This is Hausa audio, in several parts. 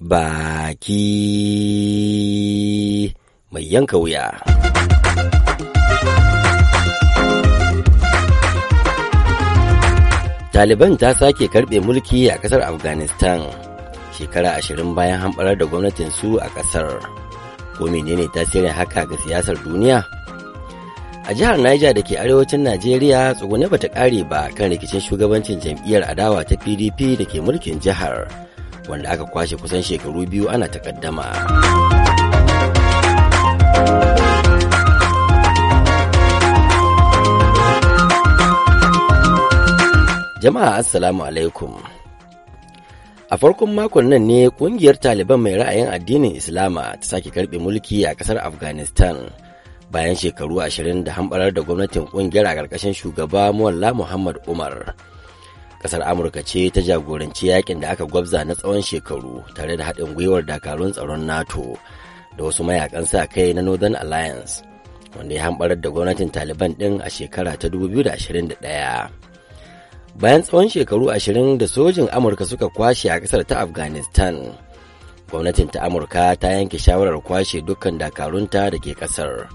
baki mai yanka wuya. Taliban ta sake karɓe mulki a ƙasar Afghanistan shekara ashirin bayan hamɓarar da gwamnatin su a ƙasar. Ko menene tasirin haka ga siyasar duniya? A jihar Niger da ke arewacin Najeriya tsugune bata ƙare ba kan rikicin shugabancin jam'iyyar adawa ta PDP da ke mulkin jihar. wanda aka kwashe kusan shekaru biyu ana takaddama. Jama'a Assalamu alaikum. A farkon makon nan ne kungiyar Taliban mai ra'ayin addinin Islama ta sake karbe mulki a kasar Afghanistan bayan shekaru ashirin da hambarar da gwamnatin kungiyar a ƙarƙashin shugaba Mualla Muhammad Umar. kasar amurka ce ta jagoranci yakin da aka gwabza na tsawon shekaru tare da haɗin gwiwar dakarun tsaron nato da wasu mayakan sa kai na northern alliance wanda ya hambarar da gwamnatin taliban ɗin a shekara ta 2021 bayan tsawon shekaru ashirin da sojin amurka suka kwashe a kasar ta afghanistan gwamnatin ta amurka ta yanke shawarar kwashe dukkan dakarunta da ke kasar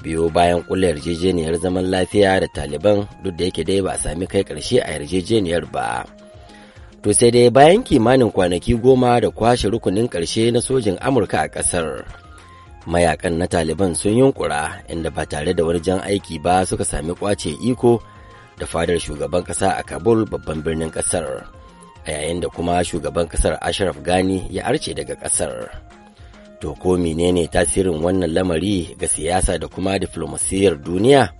biyo bayan kula yarjejeniyar zaman lafiya da taliban duk da yake dai ba a sami kai ƙarshe a yarjejeniyar ba to sai dai bayan kimanin kwanaki goma da kwashe rukunin ƙarshe na sojin amurka a ƙasar mayakan na taliban sun yunkura inda ba tare da wani jan aiki ba suka sami kwace iko da fadar shugaban ƙasa a kabul babban birnin ƙasar a yayin da kuma shugaban ƙasar ashraf gani ya arce daga ƙasar. To ko menene tasirin wannan lamari ga siyasa da kuma diflomasiyyar duniya?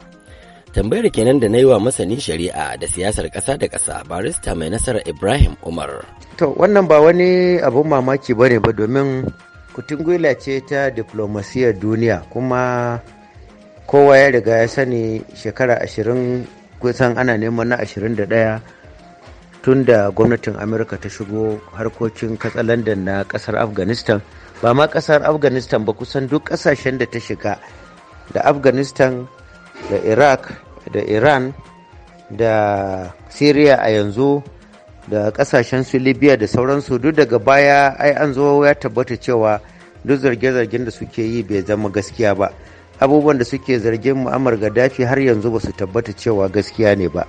Tambayar kenan da na yi wa masani shari'a da siyasar ƙasa da ƙasa barista mai nasarar Ibrahim Umar. To wannan ba wani abun mamaki ne ba domin kutungula ce ta diflomasiyyar duniya kuma kowa ya riga ya sani shekara ashirin kusan ana neman na ashirin da ɗaya tun da gwamnatin amurka ta shigo harkokin katsalandan na ƙasar afghanistan ba ma kasar afghanistan ba kusan duk kasashen da ta shiga da afghanistan da iraq da iran da syria a yanzu da kasashen su libya da sauransu duk daga baya ai an zo ya tabbata cewa duk zarge-zargen da suke yi bai zama gaskiya ba abubuwan da suke zargin muamar gaddafi har yanzu ba su tabbata cewa gaskiya ne ba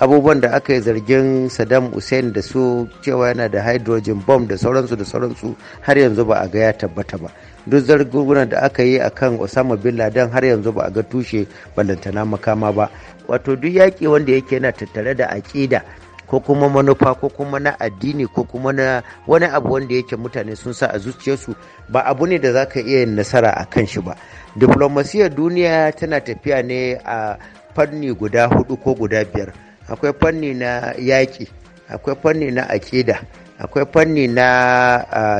abubuwan da aka yi zargin saddam hussein da su cewa yana da hydrogen bomb da sauransu da sauransu har yanzu ba a ga ya tabbata ba duk zargin da aka yi a kan osama bin laden har yanzu ba a ga tushe ballantana makama ba wato duk yaƙi wanda yake yana tattare da aƙida ko kuma manufa ko kuma na addini ko kuma na wani abu wanda yake mutane sun sa a zuciyarsu ba abu ne da za ka iya yin nasara a kan shi ba diplomasiyar duniya tana tafiya ne a fanni guda hudu ko guda biyar akwai fanni na yaƙi akwai fanni na akida akwai fanni na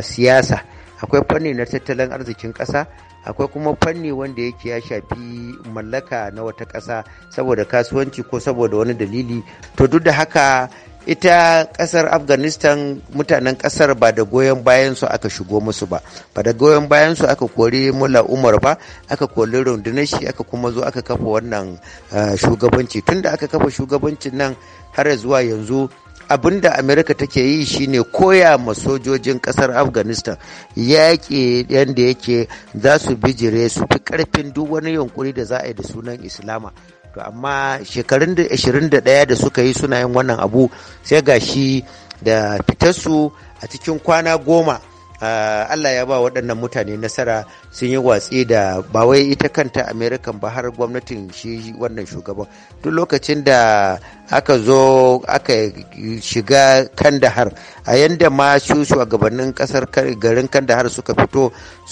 siyasa akwai fanni na tattalin arzikin ƙasa akwai kuma fanni wanda yake ya shafi mallaka na wata ƙasa saboda kasuwanci ko saboda wani dalili to duk da haka ita kasar afghanistan mutanen kasar ba da goyon bayan su aka shigo musu ba ba da goyon bayan su aka kori mula umar ba aka kori rundunar shi aka kuma zo aka kafa wannan eh, shugabanci tunda aka kafa shugabancin nan har zuwa yanzu abin da amerika take yi shine koya ma sojojin kasar afghanistan yaƙi yadda yake za su bijire su fi ƙarfin duk wani yunkuri da za a yi da sunan islama to amma shekarun da 21 da suka yi suna yin wannan abu sai gashi da fitarsu a cikin kwana goma Allah ya ba waɗannan mutane nasara sun yi watsi da ba wai ita kanta American ba har gwamnatin shi wannan shugaban duk lokacin da aka zo aka shiga kandahar a yadda ma su shugabannin kasar garin kandahar suka fito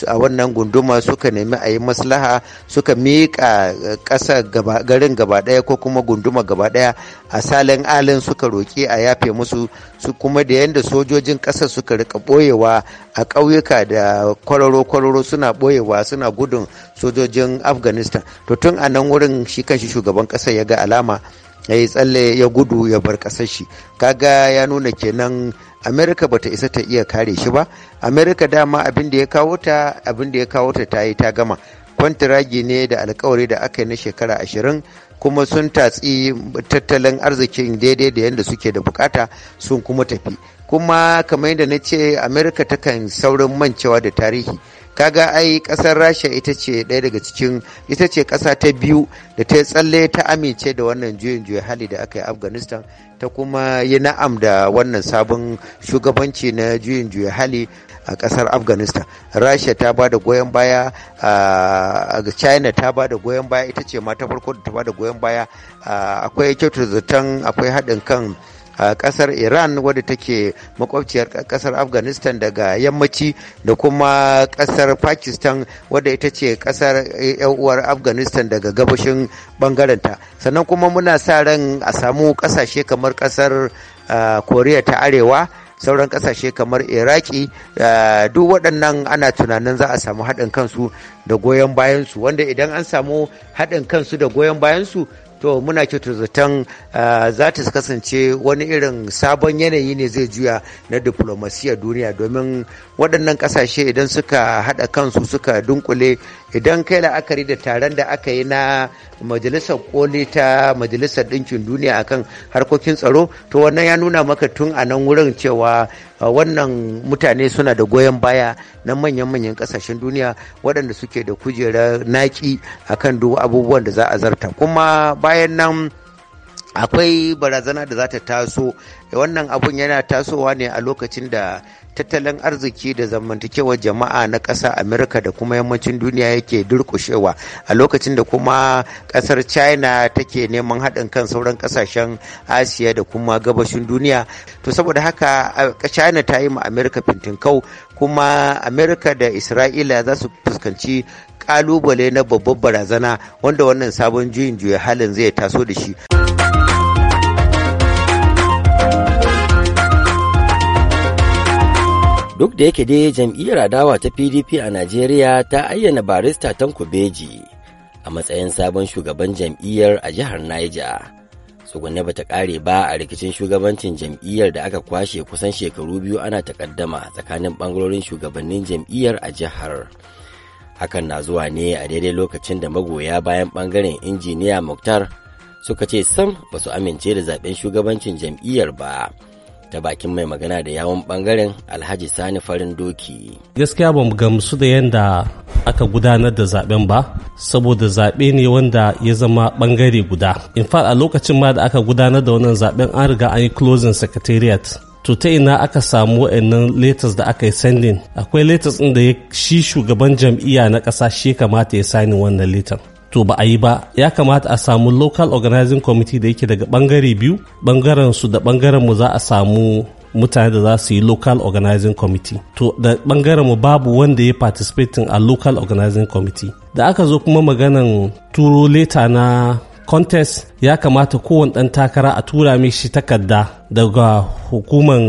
a wannan gunduma suka nemi a yi maslaha suka miƙa eh, ƙasar garin gaba ɗaya ko kuma gunduma gaba ɗaya a salin alin suka roƙi a yafe musu su kuma da yadda sojojin ƙasar suka rika ɓoyewa a ƙauyuka da kwararo-kwararo suna ɓoyewa suna gudun sojojin afghanistan to tun a nan wurin shi kanshi shugaban ƙasa ya ga alama ya yi tsalle ya gudu ya bar ƙasar shi kaga ya nuna kenan amerika bata isa ta iya kare shi ba amerika dama abin da ya kawo ta abin da ya kawo ta ta yi ta gama ragi ne da alkawari da aka yi na shekara ashirin kuma sun tatsi tattalin arzikin daidai da yadda suke da bukata sun kuma tafi kuma kamar yadda na ce amerika takan saurin mancewa da tarihi kaga ai kasar rasha ita ce ɗaya daga cikin ita ce ƙasa ta biyu da ta tsalle ta amince da wannan juyin juya hali da aka yi afghanistan ta kuma yi na'am da wannan sabon shugabanci na juyin juya hali a kasar afghanistan rasha ta ba da goyon baya a china ta ba da goyon baya ita ce ma ta farko da ta ba da goyon baya akwai kyautar zaton akwai haɗin kan a kasar iran wadda take makwabciyar kasar afghanistan daga yammaci da kuma kasar pakistan wadda ita ce kasar uwar afghanistan daga gabashin bangarenta sannan kuma muna sa ran a samu kasashe kamar kasar koriya ta arewa sauran kasashe kamar iraki duk waɗannan ana tunanin za a samu haɗin kansu da goyon bayansu wanda idan an samu haɗin kansu da goyon bayansu to muna kyautu zaton ah, za ta kasance wani irin sabon yanayi ne zai juya na diplomasiyar duniya domin waɗannan ƙasashe idan suka haɗa kansu suka dunkule idan kai la'akari da taron da aka yi na majalisar koli ta majalisar ɗinkin duniya akan harkokin tsaro to wannan ya nuna maka tun a nan wurin cewa uh, wannan mutane suna da goyon baya na manyan-manyan ƙasashen duniya waɗanda suke da kujerar naki akan duk abubuwan da za a zarta kuma bayan nan akwai barazana da za ta taso wannan abun yana tasowa ne a lokacin da tattalin arziki da zamantakewar jama'a na ƙasa Amerika da kuma yammacin duniya yake durƙushewa a lokacin da kuma ƙasar china take neman haɗin kan sauran ƙasashen asiya da kuma gabashin duniya to saboda haka china ta yi ma amurka fintinkau kuma amurka da isra'ila za su fuskanci ƙalubale na babbar barazana wanda wannan sabon juyin juya halin zai taso da shi. duk da yake dai jam'iyyar adawa ta pdp a najeriya ta ayyana barista tanko beji a matsayin sabon shugaban jam'iyyar a jihar niger tsugunne ta kare ba a rikicin shugabancin jam'iyyar da aka kwashe kusan shekaru biyu ana takaddama tsakanin bangarorin shugabannin jam'iyyar a jihar hakan na zuwa ne a daidai lokacin da magoya bayan bangaren injiniya muktar suka ce sam ba su amince da zaben shugabancin jam'iyyar ba. ta bakin mai magana da yawon bangaren alhaji sani farin doki gaskiya ba mu gamsu da yadda aka gudanar da zaben ba saboda zaɓe ne wanda ya zama bangare guda in fact a lokacin ma da aka gudanar da wannan zaben an riga an yi closing secretariat to ta ina aka samu wa'annan letas da aka yi sending akwai letas ɗin da shi shugaban jam'iyya na ƙasa shi kamata ya sani wannan letan to ba a yi ba ya kamata a samu local organizing committee da yake daga bangare biyu bangaren su da bangaren mu za a samu mutane da za su yi local organizing committee to da bangaren mu babu wanda ya participating a local organizing committee da aka zo kuma maganan turo leta na contest ya kamata kowane ɗan takara a tura mishi takarda daga hukumar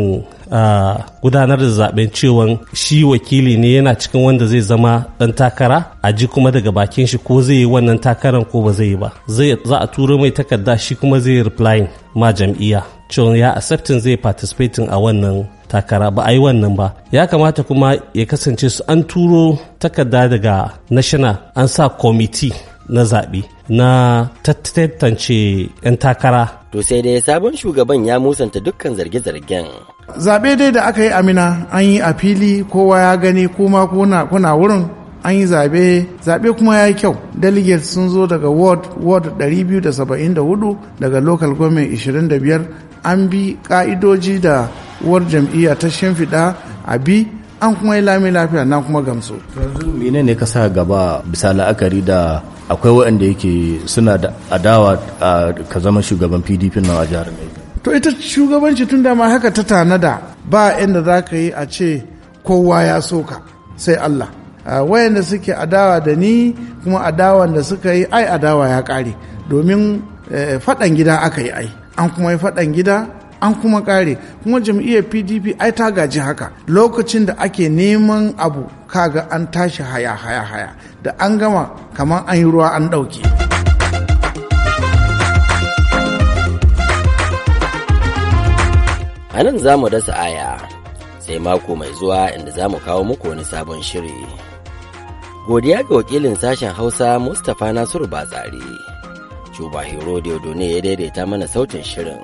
uh, gudanar da zaben cewa shi wakili ne yana cikin wanda zai zama ɗan takara a ji kuma daga bakin shi ko zai yi wannan takaran ko ba zai yi ba za a turo mai takarda shi kuma zai reply ma jam'iyya cewa ya accepting zai participating a wannan takara ba a yi wannan ba ya kamata kuma ya kasance su an turo takarda daga national an sa committee na zaɓe na tantance 'yan takara. To sai dai sabon shugaban ya musanta dukkan zarge-zargen. Zaɓe dai da aka yi amina an yi a fili kowa ya gani kuma kuna wurin an yi zaɓe zaɓe kuma ya yi kyau delegates sun zo daga ward ward 274 daga local government 25 an bi ka'idoji da ward jam'iyya ta shimfiɗa a bi an kuma yi lami lafiya na kuma gamsu. mene ne ka sa gaba bisa la'akari da akwai waɗanda yake suna da adawa ka zama shugaban pdp na a jihar to ita shugabanci tun ma haka ta tanada ba inda za ka yi a ce kowa ya so ka, sai allah wayanda suke adawa da ni kuma adawan da suka yi ai adawa ya ƙare domin eh, faɗan gida aka yi ai an kuma yi faɗan gida an kuma kare kuma jam'iyyar pdp ai ta gaji haka lokacin da ake neman abu kaga an tashi haya haya haya da an gama kamar an yi ruwa an ɗauke a nan za mu dasa aya sai mako mai zuwa inda za mu kawo muku wani sabon shiri godiya ga wakilin sashen hausa mustapha nasiru batsari cuba hero ne ya daidaita mana sautin shirin